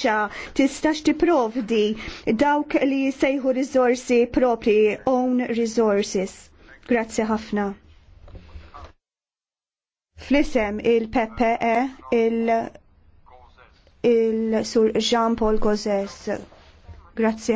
taxxa tistax tipprovdi dawk li sejħu risorsi propri, own resources. Grazzi ħafna. Flisem il-PPE il- il-sur il Jean-Paul Gozes. Grazie.